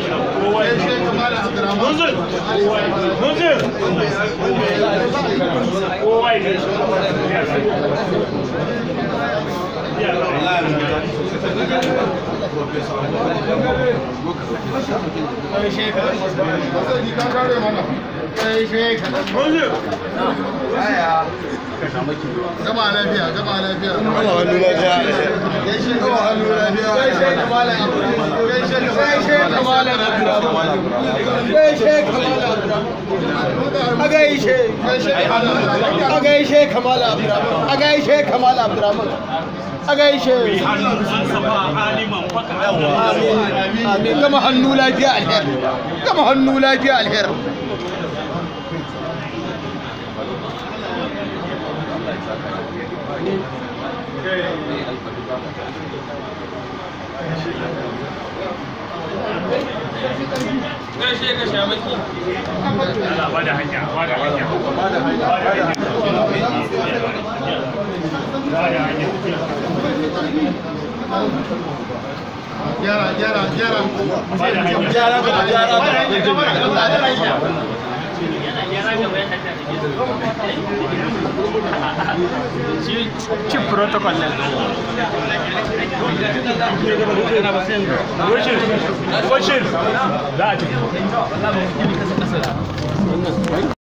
Muzin! Muzin! Kowa ne. Gama lafiya, gama lafiya. Gama hannu lafiya. Gama hannu lafiya. اگئی شیخ اگئی شیخ ہمال عبدالرحمن اگئی شیخ ہمال عبدالرحمن اگئی شیخ آمين آمين كما هنو لا جاء الهر كما هنو لا جاء الهر Thank you. Gaishe ka shamaki. Ba da ba da Ba da ba da Ba da Ba da Ba da ba da shi cin protocol ne za a ci